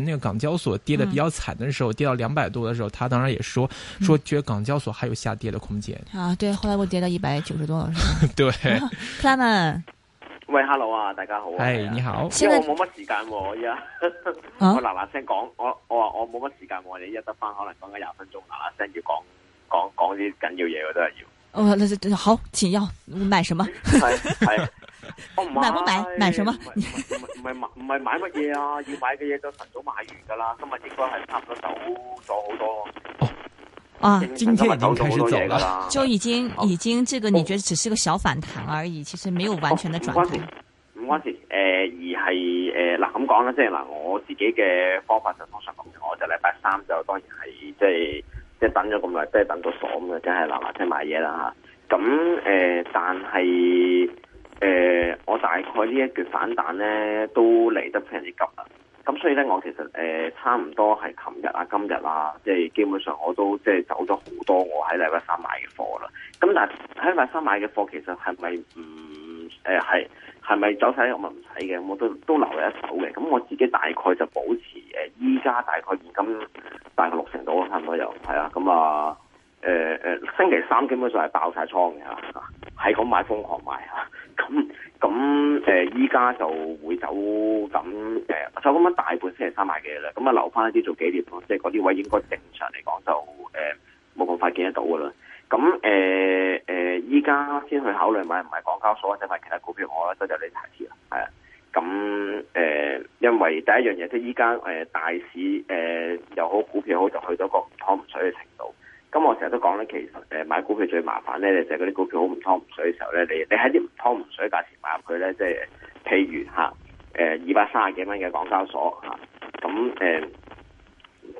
那個港交所跌得比較慘的時候，嗯、跌到兩百多的時候，他當然也說說，覺得港交所還有下跌的空間。嗯、啊，對，後來我跌到一百九十多了。 對，Clement 啊，喂，Hello 啊，大家好、啊，哎，你好，在我冇乜時間喎，而家、 啊、我嗱嗱聲講，我我我冇乜時間喎，你一得翻可能講緊廿分鐘，嗱嗱聲要講講講啲緊要嘢，我都係要。哦，好，請要買什麼？我唔買，唔係唔係唔係買乜嘢啊？要買嘅嘢就晨早買完噶啦，今日應該係差唔多走咗好多。哦、oh.，啊，今天已經開始走啦，就已經已經這個你覺得只是個小反彈而已，oh. 其實沒有完全的轉頭。唔、oh, 關事，誒、呃，而係誒嗱咁講啦，即係嗱我自己嘅方法就通常咁樣，我就禮拜三就當然係即係即係等咗咁耐，即係等,等到爽嘅，即係嗱即係買嘢啦吓。咁誒、呃，但係。誒、呃，我大概呢一橛反彈咧，都嚟得非常之急啦。咁所以咧，我其實誒、呃、差唔多係琴日啊、今日啦，即係基本上我都即係走咗好多我喺禮拜三買嘅貨啦。咁但係禮拜三買嘅貨其實係咪唔誒係係咪走晒？我咪唔使嘅，我都都留一手嘅。咁我自己大概就保持誒，依、呃、家大概現金大概六成到差唔多有，係啊，咁、嗯、啊。呃誒誒、呃，星期三基本上係爆晒倉嘅啦，喺、啊、咁買瘋狂買啊，咁咁誒，依、啊、家就會走咁誒，就、啊、咁樣大半星期三賣嘅啦，咁啊留翻一啲做紀念咯，即係嗰啲位應該正常嚟講就誒冇咁快見得到噶啦，咁誒誒，依、啊、家、啊、先去考慮買唔係港交所，或者買其他股票，我咧都有你提示啦，係啊，咁、啊、誒、啊，因為第一樣嘢即係依家誒大市誒、啊、又好股票好，就去到個唔湯唔水嘅情。可咁我成日都講咧，其實誒買股票最麻煩咧，就係嗰啲股票好唔湯唔水嘅時候咧，你你喺啲唔湯唔水嘅價錢買入佢咧，即係譬如嚇，誒二百三十幾蚊嘅港交所嚇，咁誒，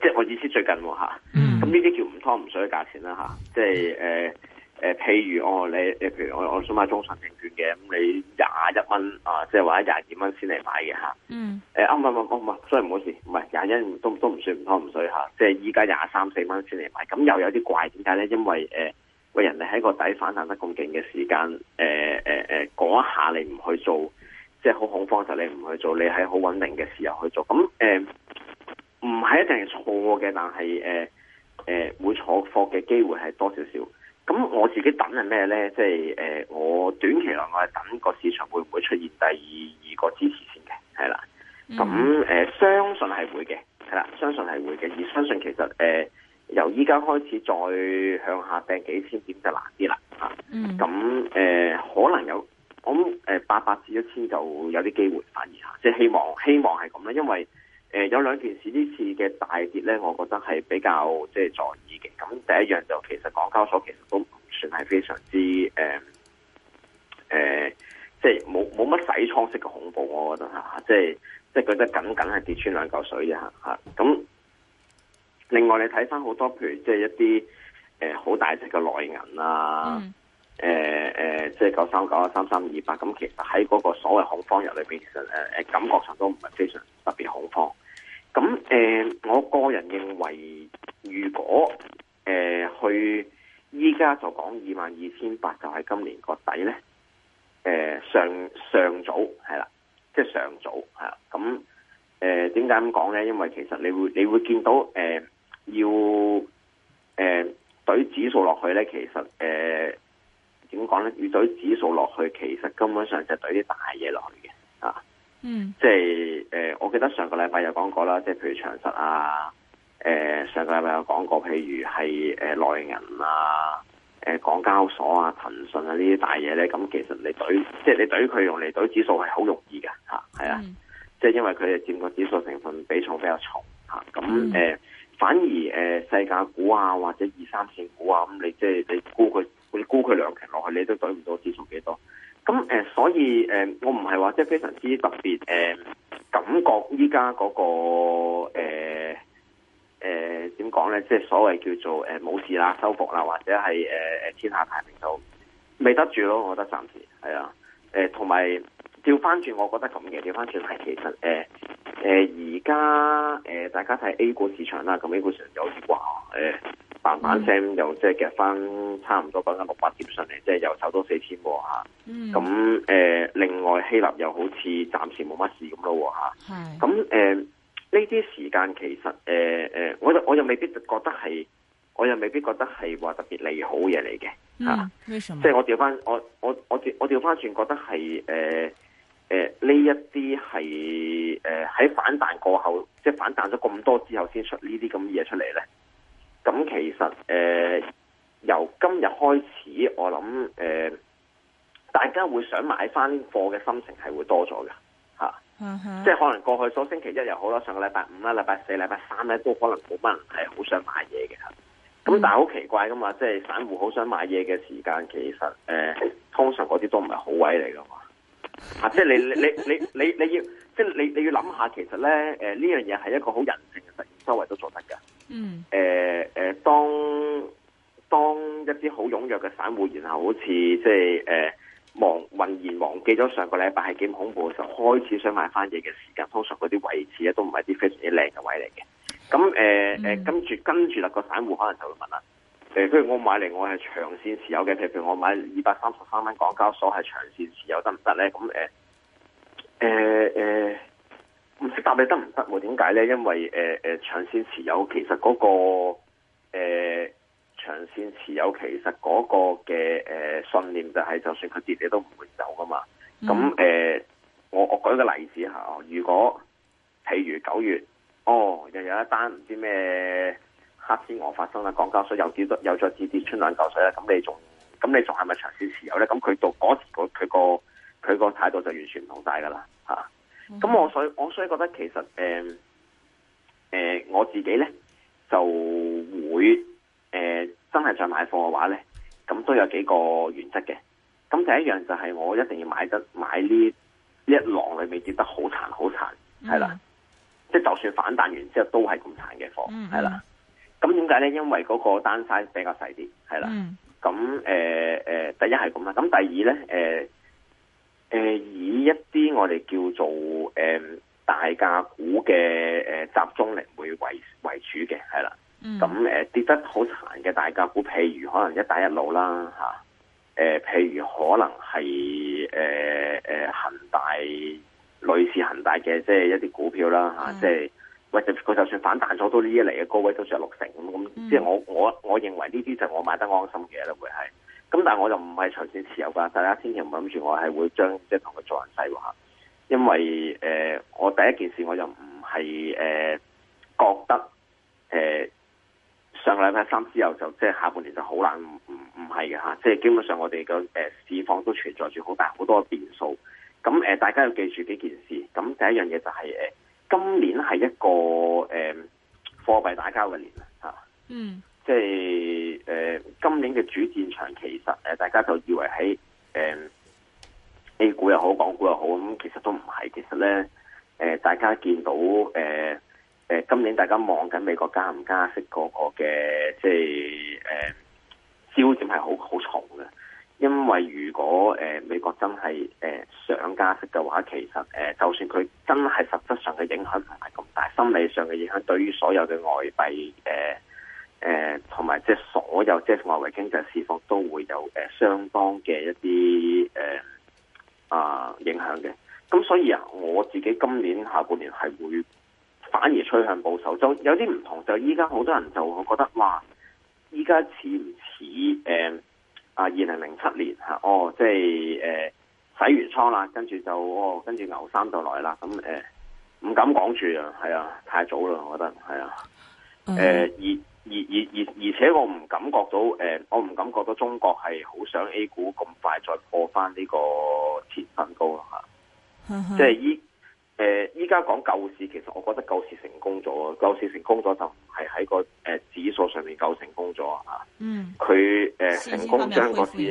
即係我意思最近喎嚇，咁呢啲叫唔湯唔水嘅價錢啦嚇，即係誒。誒，譬、呃、如、哦、你如我你誒，譬如我我想買中信證券嘅，咁你廿一蚊啊，即係話廿二蚊先嚟買嘅嚇。啊、嗯。誒，啊唔唔唔唔，所以唔好意思，唔係廿一都都唔算唔湯唔水嚇，即係依家廿三四蚊先嚟買，咁、嗯、又有啲怪點解咧？因為誒，喂、呃呃、人哋喺個底反彈得咁勁嘅時間，誒誒誒，嗰、呃、下、啊呃啊啊、你唔去做，即係好恐慌就你唔去做，你喺好穩定嘅時候去做，咁、嗯、誒，唔、嗯、係、嗯嗯呃、一定係錯嘅，但係誒誒會錯貨嘅機會係多少少。咁我自己等係咩咧？即係誒、呃，我短期內我係等個市場會唔會出現第二二個支持線嘅，係啦。咁誒、嗯呃，相信係會嘅，係啦，相信係會嘅。而相信其實誒、呃，由依家開始再向下掟幾千點就難啲啦。吓、啊，咁誒、嗯呃、可能有，我諗八百至一千就有啲機會反彈。吓，即係希望希望係咁啦，因為。誒，有兩件事呢次嘅大跌咧，我覺得係比較即係在意嘅。咁第一樣就是，其實港交所其實都唔算係非常之誒誒，即係冇冇乜洗倉式嘅恐怖，我覺得吓、啊，即係即係覺得僅僅係跌穿兩嚿水啊吓。咁、啊、另外你睇返好多，譬如即係一啲誒好大隻嘅內銀啊，誒誒、mm. 呃，即係九三九啊，三三二八，咁其實喺嗰個所謂恐慌入裏邊，其實誒誒，感覺上都唔係非常特別恐慌。咁誒、呃，我個人認為，如果誒、呃、去依家就講二萬二千八就係今年個底咧，誒、呃、上上早係啦，即係上早係啦。咁誒點解咁講咧？因為其實你會你會見到誒、呃、要誒懟、呃、指數落去咧，其實誒點講咧？要懟指數落去，其實根本上就係懟啲大嘢落去嘅啊。嗯，即係誒、呃，我記得上個禮拜有講過啦，即係譬如長實啊，誒、呃、上個禮拜有講過，譬如係誒內銀啊，誒、呃呃、港交所啊，騰訊啊呢啲大嘢咧，咁其實你懟，即係你懟佢用嚟懟指數係好容易嘅吓，係啊，即係、嗯、因為佢哋佔個指數成分比重比較重吓，咁、啊、誒、嗯呃、反而誒、呃、細價股啊或者二三線股啊，咁你即係你沽佢，你沽佢兩成落去，你都懟唔到指數幾多。咁誒、呃，所以誒、呃，我唔係話即係非常之特別誒、呃，感覺依家嗰個誒誒點講咧，即係所謂叫做誒冇事啦，收復啦，或者係誒誒天下太平都未得住咯，我覺得暫時係啊，誒同埋。調翻轉，我覺得咁嘅。調翻轉係其實誒誒，而家誒，大家睇 A 股市場啦。咁 A 股市場又話誒，慢慢升，又、嗯、即係夾翻差唔多百分六百點上嚟，即係又炒到四千喎吓。咁、啊、誒、嗯呃，另外希臘又好似暫時冇乜事咁咯吓。咁、啊、誒，呢啲是、呃、時間其實誒誒、呃呃，我我我又未必覺得係，我又未必覺得係話特別利好嘢嚟嘅吓。啊嗯、即係我調翻我我我調我調翻轉，覺得係誒。呃誒，呢、呃、一啲係誒喺反彈過後，即係反彈咗咁多之後，先出呢啲咁嘅嘢出嚟咧。咁其實誒、呃，由今日開始，我諗誒、呃，大家會想買翻貨嘅心情係會多咗噶吓。啊嗯、哼。即係可能過去所星期一又好啦，上個禮拜五啦、啊、禮拜四、禮拜三咧、啊，都可能冇乜人係好想買嘢嘅。咁但係好奇怪噶嘛，即係散戶好想買嘢嘅時間，其實誒、呃，通常嗰啲都唔係好位嚟噶嘛。 啊！即係你你你你你你要，即係你你要諗下，其實咧，誒呢樣嘢係一個好人性嘅實驗，周圍都做得㗎。嗯、呃。誒、呃、誒，當當一啲好踊躍嘅散戶，然後好似即係誒忘渾然忘記咗上個禮拜係幾恐怖，嘅時候，開始想買翻嘢嘅時間，通常嗰啲位置咧都唔係啲非常之靚嘅位嚟嘅。咁誒誒，跟住跟住，啦個散戶可能就會問啦、啊。誒，譬、嗯、如我買嚟，我係長線持有嘅。譬如我買二百三十三蚊港交所，係長線持有得唔得咧？咁、嗯、誒、誒、嗯、誒，唔識答你得唔得？我點解咧？因為誒誒，長線持有其實嗰個誒長線持有其實個嘅誒信念就係，就算佢跌你都唔會走噶嘛。咁誒，我我舉個例子吓，如果譬如九月，哦，又有一單唔知咩？黑天鵝發生啦，降膠水又跌得又再跌跌穿兩嚿水啦，咁你仲咁你仲係咪長線持有咧？咁佢到嗰時佢個佢個態度就完全唔同晒㗎喇吓。咁、啊、我所以我所以覺得其實誒誒、呃呃、我自己咧就會誒、呃、真係再買貨嘅話咧，咁都有幾個原則嘅。咁第一樣就係我一定要買得買呢一浪裏面跌得好殘好殘係啦，即係、mm hmm. 就算反彈完之後都係咁殘嘅貨係啦。咁點解咧？因為嗰個單 size 比較細啲，係啦。咁誒誒，第一係咁啦。咁第二咧，誒、呃、誒、呃、以一啲我哋叫做誒、呃、大價股嘅誒、呃、集中力為為主嘅，係啦。咁誒、嗯呃、跌得好慘嘅大價股，譬如可能一帶一路啦，嚇、啊。誒、呃、譬如可能係誒誒恒大，類似恒大嘅即係一啲股票啦，嚇、啊，即係、嗯。佢就算反彈咗都呢一嚟嘅高位都有六成咁，即係我我我認為呢啲就我買得安心嘅啦，會係。咁但係我就唔係長線持有嘅，大家千祈唔諗住我係會將即係同佢做人計劃，因為誒、呃、我第一件事我就唔係誒覺得誒、呃、上禮拜三之後就即係下半年就好難唔唔唔係嘅嚇，即係基本上我哋嘅誒市況都存在住好大好多變數。咁誒、呃、大家要記住幾件事，咁第一樣嘢就係、是、誒。呃今年係一個誒貨幣打交嘅年啊，嗯，即係誒、呃、今年嘅主戰場其實誒、呃、大家就以為喺誒 A 股又好港股又好咁，其實都唔係，其實咧誒、呃、大家見到誒誒、呃、今年大家望緊美國加唔加息嗰個嘅即係誒、呃、焦點係好好重。因為如果誒、呃、美國真係誒、呃、想加息嘅話，其實誒、呃、就算佢真係實質上嘅影響唔係咁大，心理上嘅影響對於所有嘅外幣誒誒同埋即係所有即係、就是、外圍經濟市況都會有誒、呃、相當嘅一啲誒、呃、啊影響嘅。咁所以啊，我自己今年下半年係會反而趨向保守，就有啲唔同。就依家好多人就會覺得嘩，依家似唔似誒？啊！二零零七年吓，哦，即係誒，洗完倉啦，跟住就哦，跟住牛三就來啦。咁、嗯、誒，唔敢講住啊，係、嗯、啊，太早啦，我覺得係啊。誒，而而而而而且我唔感覺到，誒，我唔感覺到中國係好想 A 股咁快再破返呢個前新高吓，即係依。誒，依家講救市，其實我覺得救市成功咗，救市成功咗就唔係喺個誒指數上面救成功咗啊，嗯，佢誒成功將個市，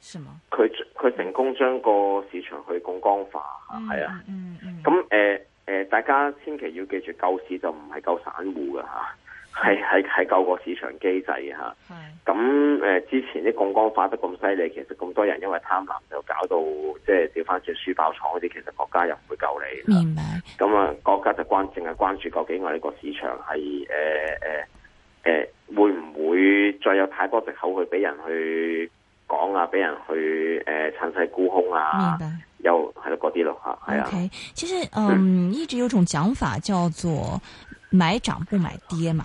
是佢佢成功將個市場去槓桿化，係、嗯、啊，嗯咁誒誒，大家千祈要記住，救市就唔係救散戶噶吓。.係係係救個市場機制吓，咁誒是、啊，之前啲槓桿化得咁犀利，其實咁多人因為貪婪就搞到即係掉翻轉輸爆廠嗰啲，其實國家又唔會救你。明白。咁啊，國家就關淨係是 關注究竟我呢個市場係誒誒誒，會唔會再有太多借口去俾人去講啊，俾人去誒趁勢沽空啊？明白。又係咯嗰啲咯吓，係啊。O Okay . K，其實嗯，嗯， 一直有種講法叫做買漲不買跌嘛。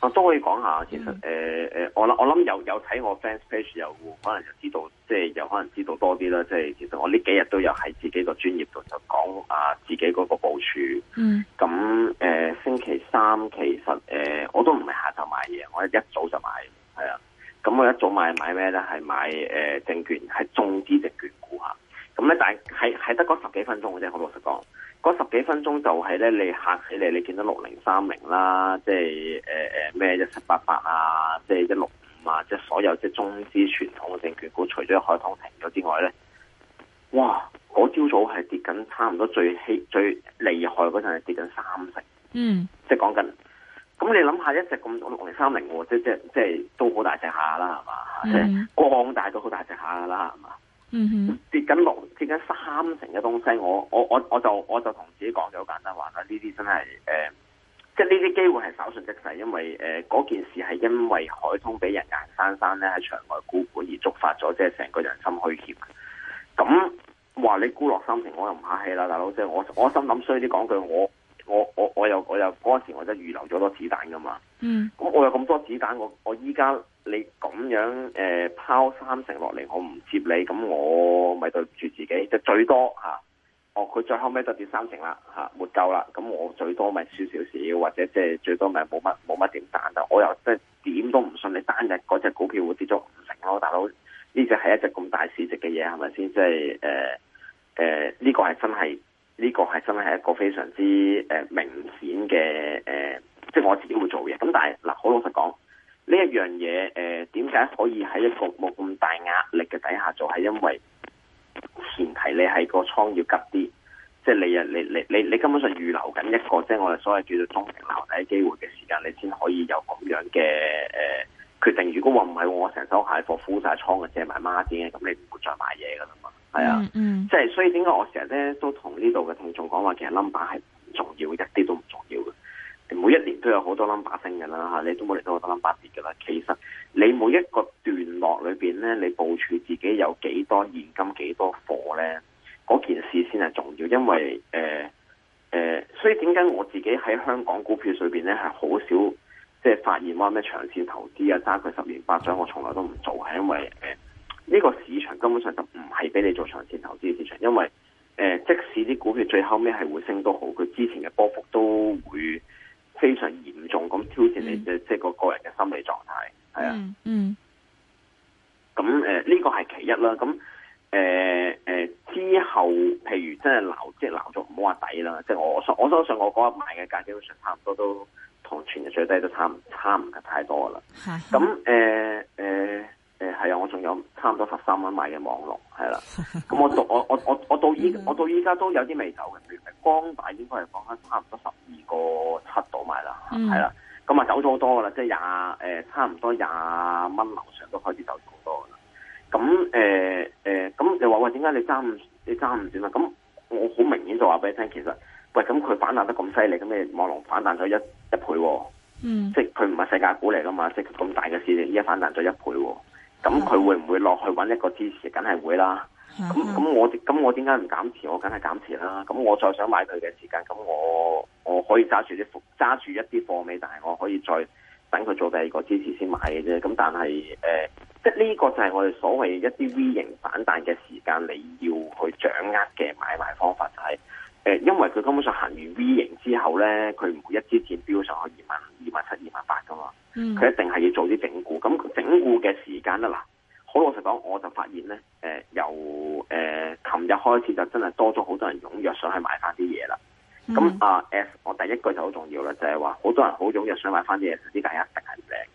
我都可以講下，其實誒誒、呃，我諗我諗有有睇我 fans page 又可能就知道，即係又可能知道多啲啦。即係其實我呢幾日都有喺自己個專業度就講啊自己嗰個部署。嗯。咁誒、呃，星期三其實誒、呃，我都唔係下晝買嘢，我一早就買，係啊。咁我一早買買咩咧？係買誒、呃、證券，係中資證券股啊。咁咧，但係喺得嗰十幾分鐘嘅啫，我老實講。嗰十幾分鐘就係咧，你嚇死你！你見到六零三零啦，即係誒誒咩一七八八啊，即係一六五啊，即係所有即係中資傳統嘅證券股，除咗海通停咗之外咧，哇！嗰朝早係跌緊，差唔多最希最厲害嗰陣係跌緊三成，嗯，即係講緊。咁你諗下一隻咁六零三零，即即即係都好大隻下啦，係嘛？嗯、光大都好大隻下噶啦，係嘛？嗯哼、mm hmm.，跌緊落，跌緊三成嘅東西，我我我我就我就同自己講咗好簡單話啦，呢啲真係誒、呃，即係呢啲機會係稍縱即逝，因為誒嗰、呃、件事係因為海通俾人硬生生咧喺場外沽股而觸發咗，即係成個人心虛怯。咁話你沽落三成，我又唔客氣啦，大佬，即係我我心諗衰啲講句，我我我我又我又嗰、那個、時我真係預留咗多子彈噶嘛。嗯、mm，咁、hmm. 我，我有咁多子彈，我我依家你咁樣誒？呃拋三成落嚟，我唔接你，咁我咪對唔住自己，就最多吓、啊，哦，佢最後尾就跌三成啦，吓、啊，沒夠啦，咁我最多咪輸少少，或者即係最多咪冇乜冇乜點彈。但我又即係點都唔信你單日嗰隻股票會跌足五成咯，大佬，呢隻係一隻咁大市值嘅嘢，係咪先？即係誒誒，呢、呃呃這個係真係呢、這個係真係一個非常之誒明顯嘅誒、呃，即係我自己會做嘢。咁但係嗱，好、啊、老實講。呢一樣嘢，誒點解可以喺一個冇咁大壓力嘅底下做？係因為前提你係個倉要急啲，即係你啊，你你你你根本上預留緊一個，即係我哋所謂叫做中型留底機會嘅時間，你先可以有咁樣嘅誒決定。如果話唔係，我成手蟹貨 full 曬倉嘅借埋孖啲嘅，咁你唔會再買嘢噶啦嘛。係啊，即係所以點解我成日咧都同呢度嘅聽眾講話，其實 number 係唔重要，一啲都唔重要嘅。每一年都有好多 number 升嘅啦吓，你都冇嚟到好多 number 跌嘅啦。其實你每一個段落裏邊咧，你部署自己有幾多現金、幾多貨咧，嗰件事先係重要。因為誒誒是、呃呃，所以點解我自己喺香港股票上邊咧，係好少即係發現話咩長線投資啊、揸佢十年八載，我從來都唔做，係因為誒呢、呃呢個市場根本上就唔係俾你做長線投資嘅市場。因為誒、呃，即使啲股票最後尾係會升都好，佢之前嘅波幅都會。非常嚴重咁挑戰你嘅、嗯、即係個個人嘅心理狀態，係、嗯、啊嗯，嗯，咁誒呢個係其一啦，咁誒誒之後，譬如即係鬧，即係鬧咗唔好話抵啦，即係我我我相信我嗰日買嘅價基本上差唔多都同全日最低都差唔差唔係太多啦，咁誒誒。誒係啊，我仲、嗯嗯嗯、有差唔多十三蚊買嘅網絡，係啦，咁、嗯、 我，我，我，我到我我我我到依我到依家都有啲未走嘅，譬如光大應該係講緊差唔多十二個七度買啦，係啦，咁啊走咗好多噶啦，即係廿誒差唔多廿蚊樓上都開始走咗好多噶啦，咁誒誒，咁、嗯嗯嗯、你話喂，點解你爭唔你爭唔短啊？咁我好明顯就話俾你聽，其實喂咁佢反彈得咁犀利，咁你網絡反彈咗一一倍，哦，嗯，即係佢唔係世界股嚟噶嘛，即係咁大嘅市，而家反彈咗一倍。哦。咁佢會唔會落去揾一個支持？梗係會啦。咁咁我，咁我點解唔減持？我梗係減持啦。咁我再想買佢嘅時間，咁我我可以揸住啲揸住一啲貨尾，但係我可以再等佢做第二個支持先買嘅啫。咁但係誒、呃，即係呢個就係我哋所謂一啲 V 型反彈嘅時間，你要去掌握嘅買賣方法就係，呃，因為佢根本上行完 V 型之後呢，佢唔會一支箭標上去。買翻啲嘢，唔知大家一定係靚。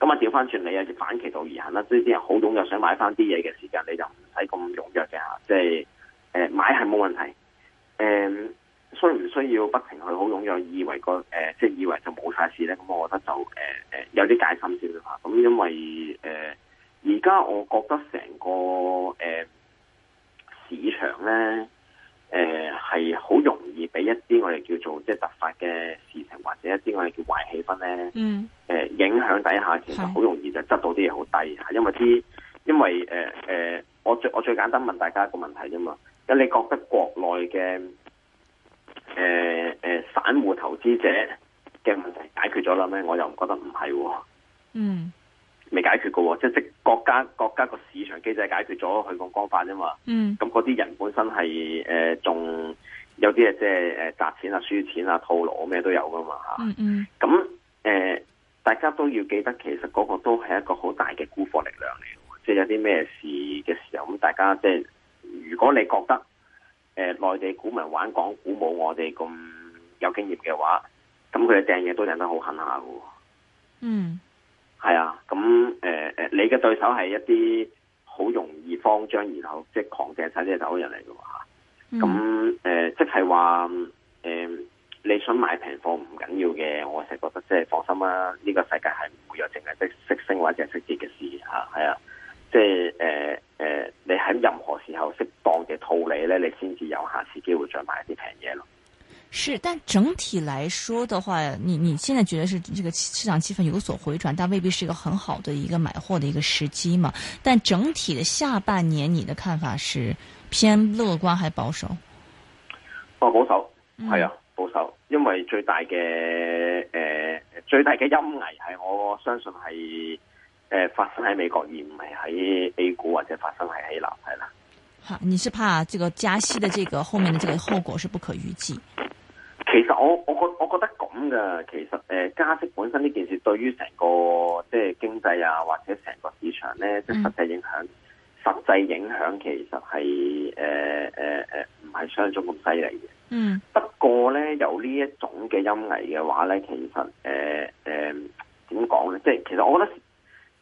咁啊，調翻轉你有啊，反其道而行啦。所以啲人好踴躍想買翻啲嘢嘅時間，你就唔使咁踴躍嘅即係誒、呃，買係冇問題。誒、嗯，需唔需要不停去好踴躍，以為個誒、呃，即係以為就冇晒事咧？咁、嗯、我覺得就誒誒、呃，有啲戒心少少吓。咁、嗯、因為誒，而、呃、家我覺得成個誒、呃、市場咧，誒係好容易俾一啲我哋叫做即係突發嘅。咧，誒、嗯、影響底下，其實好容易就執到啲嘢好低嚇，因為啲因為誒誒、呃呃，我最我最簡單問大家一個問題啫嘛，咁你覺得國內嘅誒誒散戶投資者嘅問題解決咗啦咩？我又唔覺得唔係喎，嗯，未解決嘅喎、哦，即係即國家國家個市場機制解決咗佢個光法啫嘛，嗯，咁嗰啲人本身係誒仲有啲嘢即係誒賺錢啊、輸錢啊、套路咩都有噶嘛嚇，嗯，咁、嗯。嗯誒、呃，大家都要記得，其實嗰個都係一個好大嘅沽貨力量嚟嘅，即係有啲咩事嘅時候，咁大家即係如果你覺得誒內、呃、地股民玩港股冇我哋咁有經驗嘅話，咁佢哋掟嘢，都掟得好狠下嘅。嗯，係啊，咁誒誒，你嘅對手係一啲好容易慌張然後，、嗯呃，即係狂掟產掟走人嚟嘅，吓、呃，咁誒，即係話誒。你想買平貨唔緊要嘅，我係覺得即係放心啦。呢、這個世界係唔會有淨係識升或者識跌嘅事吓，係啊，啊，即係誒誒，你喺任何時候適當嘅套利咧，你先至有下次機會再買一啲平嘢咯。是，但整體來說的話，你你現在覺得是這個市場氣氛有所回轉，但未必是一個很好的一個買貨的一個時機嘛？但整體的下半年，你的看法是偏樂觀還保守？我、哦、保守，係、嗯、啊。保守，因為最大嘅誒、呃，最大嘅陰霾係我相信係誒、呃、發生喺美國，而唔係喺 A 股，或者發生喺希臘，係啦。好，你是怕這個加息的這個後面的這個後果是不可預計。 其實我我我我覺得咁㗎，其實誒、呃、加息本身呢件事對於成個即係經濟啊，或者成個市場咧，即係實際影響。實際影響其實係誒誒誒唔係相中咁犀利嘅。呃呃呃、嗯。不過咧，有呢一種嘅陰翳嘅話咧，其實誒誒點講咧？即係其實我覺得誒、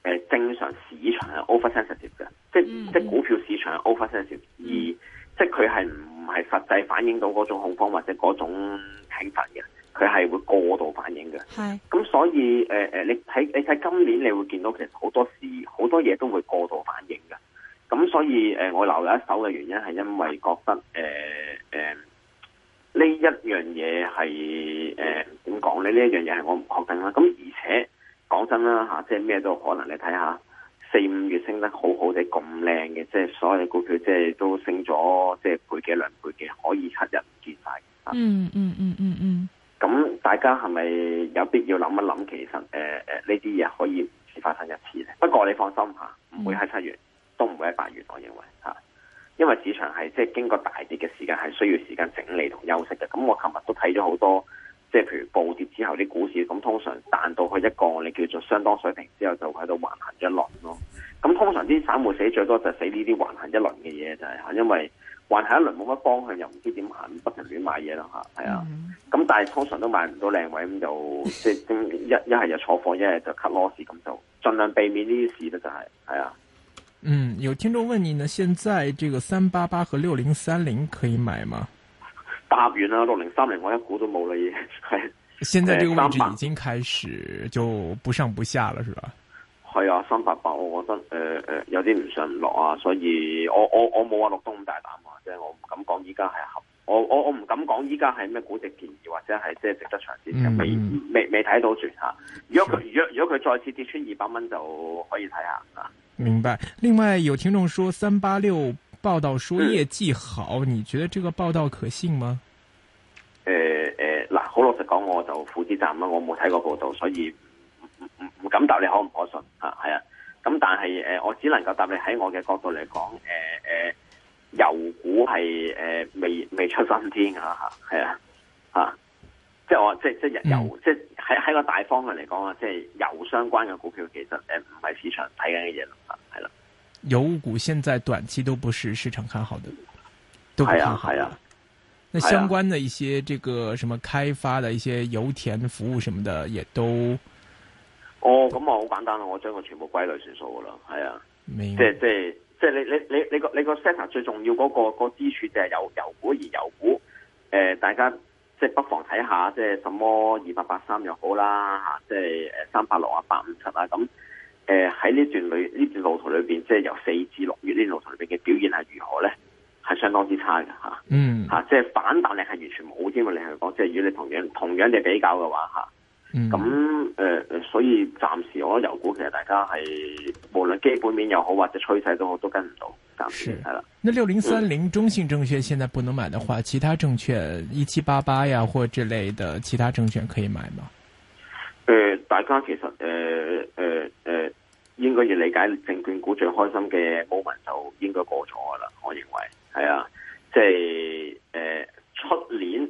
呃、正常市場係 over sensitive 嘅，嗯嗯，即係即係股票市場係 over sensitive，而即係佢係唔係實際反映到嗰種恐慌或者嗰種懲罰嘅，佢係會過度反映嘅。係是。咁所以誒誒，呃，你睇你睇今年你會見到其實好多事好多嘢都會過度。我留一手嘅原因係因為覺得誒誒呢一樣嘢係誒，點講咧？呢一樣嘢係我唔確定啦。咁、嗯、而且講真啦吓，即係咩都可能。你睇下四五月升得好好地咁靚嘅，即係所有股票即係都升咗，即係倍幾兩倍嘅，可以七日唔跌晒。嗯嗯嗯嗯嗯。咁、嗯嗯嗯、大家係咪有必要諗一諗？其實誒誒呢啲嘢可以只發生一次咧。不過你放心吓，唔、啊、會喺七月。嗯都唔會喺八月，我認為嚇，因為市場係即係經過大跌嘅時間，係需要時間整理同休息嘅。咁我琴日都睇咗好多，即係譬如暴跌之後啲股市，咁通常彈到去一個我哋叫做相當水平之後，就喺度橫行一輪咯。咁通常啲散戶死最多就死呢啲橫行一輪嘅嘢就係嚇，因為橫行一輪冇乜方向，又唔知點行，不停亂買嘢咯嚇，係啊。咁、mm hmm. 但係通常都買唔到靚位，咁就即係一一係就錯貨，一係就 cut loss 咁就，儘量避免呢啲事咯，就係係啊。嗯，有聽眾問你呢，現在這個三八八和六零三零可以買嗎？答完啦，六零三零我一股都冇啦，已係。現在這個位置已經開始 300, 就不上不下了，是吧？係啊，三八八我覺得誒誒、呃呃、有啲唔上唔落啊，所以我我我冇話落多咁大膽啊，即係我唔敢講依家係合，我我、就是、我唔敢講依家係咩估值建議或者係即係值得長線，未未未睇到轉吓。如果佢如果如果佢再次跌穿二百蚊就可以睇下啊。明白。另外有聽眾說三八六報道說業績好，嗯、你覺得這個報道可信嗎？誒誒、呃，嗱、呃，好老實講，我就副職站啦，我冇睇過報道，所以唔唔唔敢答你可唔可信啊？係啊，咁但係誒、呃，我只能夠答你喺我嘅角度嚟講，誒、呃、誒、呃，油股係誒未未出新天啊，係啊，啊，即係我即即係油，即係喺喺個大方向嚟講啊，即係油相關嘅股票，其實誒唔係市場睇緊嘅嘢。油股現在短期都不是市場看好的，都唔好睇啊！啊那相關的一些這個什麼開發的一些油田服務什麼的也都，哦咁我好簡單啦，我將佢全部歸類算數噶啦，係啊，有即係即係即係你你你你個你個 set 最重要嗰、那個、那個支柱就係由油股而油股，誒、呃、大家即係不妨睇下即係什麼二八八三又好啦吓，即係誒三八六啊八五七啊咁。誒，喺呢、呃、段裏呢段路途裏邊，即係由四至六月呢段路途裏邊嘅表現係如何咧？係相當之差嘅吓，啊、嗯吓、啊，即係反彈力係完全冇添啊！你去講即係如果你同樣同樣嘅比較嘅話吓，咁、啊、誒、嗯呃、所以暫時我覺得，油股其實大家係無論基本面又好或者趨勢都好，都跟唔到，暫時係啦。那六零三零中信證券現在不能買的話，嗯、其他證券一七八八呀或者類的其他證券可以買嗎？誒、呃，大家其實誒誒誒，應該要理解證券股最開心嘅 moment 就應該過咗噶啦。我認為係啊，即係誒出年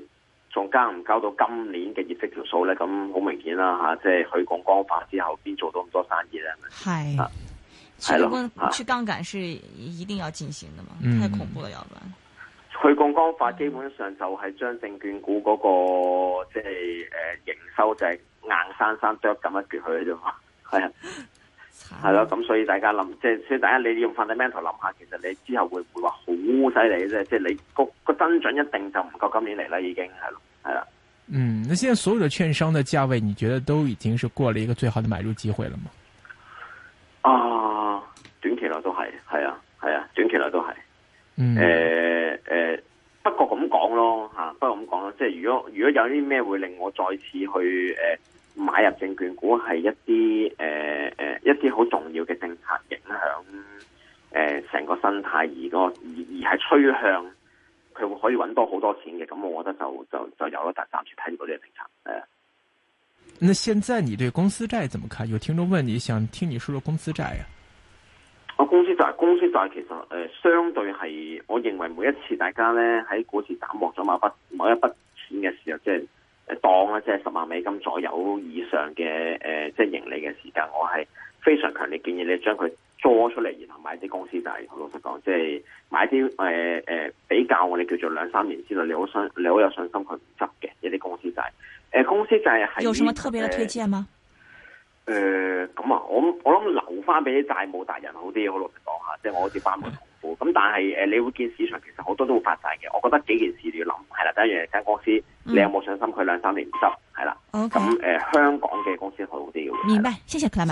仲交唔交到今年嘅業績條數咧？咁好明顯啦，吓、啊，即係去槓桿化之後邊做到咁多生意咧？係，去槓桿去槓桿是一定要進行嘅嘛？嗯、太恐怖啦，要唔？去槓桿化基本上就係將證券股嗰、那個即係誒營收就係。呃呃呃呃呃呃呃硬生生啄咁一橛佢啫嘛，係啊，係咯，咁所以大家諗，即係，所以大家你用 fundamental 諗下，其實你之後會唔會話好犀利啫？即係你個個增長一定就唔夠今年嚟啦，已經係咯，係啦。嗯，那現在所有的券商嘅價位，你覺得都已經是過了一個最好嘅買入機會了嗎？啊，短期內都係，係啊，係啊，短期內都係。誒誒、嗯欸呃，不過咁講咯吓，不過咁講咯，即係如果如果有啲咩會令我再次去誒？呃.買入證券股係一啲誒誒一啲好重要嘅政策影響，誒、呃、成個生態個而個而而係趨向，佢會可以揾多好多錢嘅。咁我覺得就就就，就有一大暫時睇到呢個政策誒。呃、那現在你對公司債怎麼看？有聽眾問你想聽你說說公司債？啊，我公司債公司債其實誒、呃、相對係我認為每一次大家咧喺股市抌落咗某筆某一筆錢嘅時候即係。當咧即係十萬美金左右以上嘅誒，即係盈利嘅時間，我係非常強烈建議你將佢捉出嚟，然後買啲公司債。好老實講，即係買啲誒誒，比較我哋叫做兩三年之內你好想你好有信心佢唔執嘅一啲公司債。誒，公司債係有什麼特別嘅推薦嗎？誒、呃，咁啊，我我諗留翻俾啲債務達人好啲。好老實講下，即係我好似巴麥。咁、嗯、但係誒、呃，你會見市場其實好多都會發晒嘅。我覺得幾件事你要諗係啦，第一樣係間公司，嗯、你有冇信心佢兩三年唔執？係啦。咁誒 Okay.、嗯呃，香港嘅公司會好啲嘅。明白，謝謝。